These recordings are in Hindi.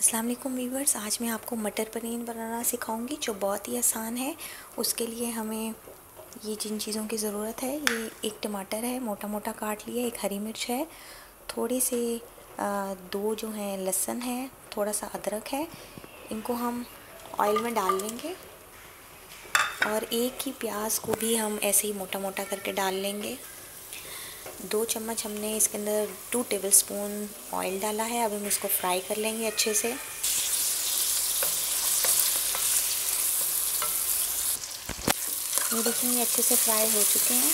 अस्सलाम वालेकुम वीवर्स आज मैं आपको मटर पनीर बनाना सिखाऊंगी जो बहुत ही आसान है उसके लिए हमें ये जिन चीज़ों की ज़रूरत है ये एक टमाटर है मोटा मोटा काट लिया एक हरी मिर्च है थोड़े से दो जो हैं लहसन है थोड़ा सा अदरक है इनको हम ऑयल में डाल लेंगे और एक ही प्याज को भी हम ऐसे ही मोटा मोटा करके डाल लेंगे दो चम्मच हमने इसके अंदर टू टेबल स्पून ऑयल डाला है अब हम इसको फ्राई कर लेंगे अच्छे से ये देखिए अच्छे से फ्राई हो चुके हैं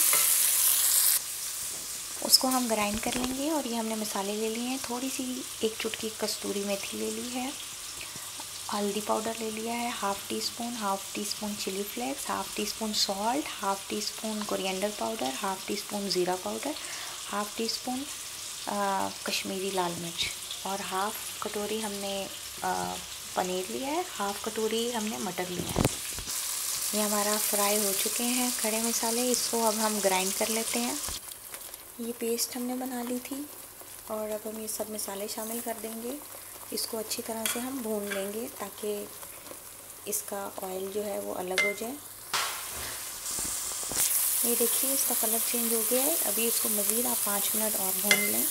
उसको हम ग्राइंड कर लेंगे और ये हमने मसाले ले लिए हैं थोड़ी सी एक चुटकी कस्तूरी मेथी ले ली है हल्दी पाउडर ले लिया है half teaspoon half teaspoon chilli flakes half teaspoon salt half teaspoon coriander powder half teaspoon ज़ीरा powder half teaspoon Kashmiri लाल मिर्च और हाफ़ कटोरी हमने आ, पनीर लिया है हाफ़ कटोरी हमने मटर लिया है ये हमारा फ्राई हो चुके हैं खड़े मसाले इसको अब हम ग्राइंड कर लेते हैं ये पेस्ट हमने बना ली थी और अब हम ये सब मसाले शामिल कर देंगे इसको अच्छी तरह से हम भून लेंगे ताकि इसका ऑयल जो है वो अलग हो जाए ये देखिए इसका कलर चेंज हो गया है अभी इसको मज़ीद आप पाँच मिनट और भून लें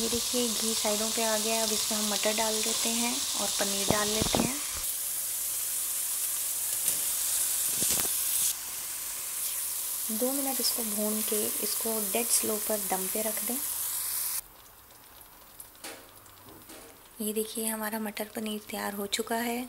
ये देखिए घी साइडों पे आ गया है अब इसमें हम मटर डाल देते हैं और पनीर डाल लेते हैं दो मिनट इसको भून के इसको डेड स्लो पर दम पे रख दें ये देखिए हमारा मटर पनीर तैयार हो चुका है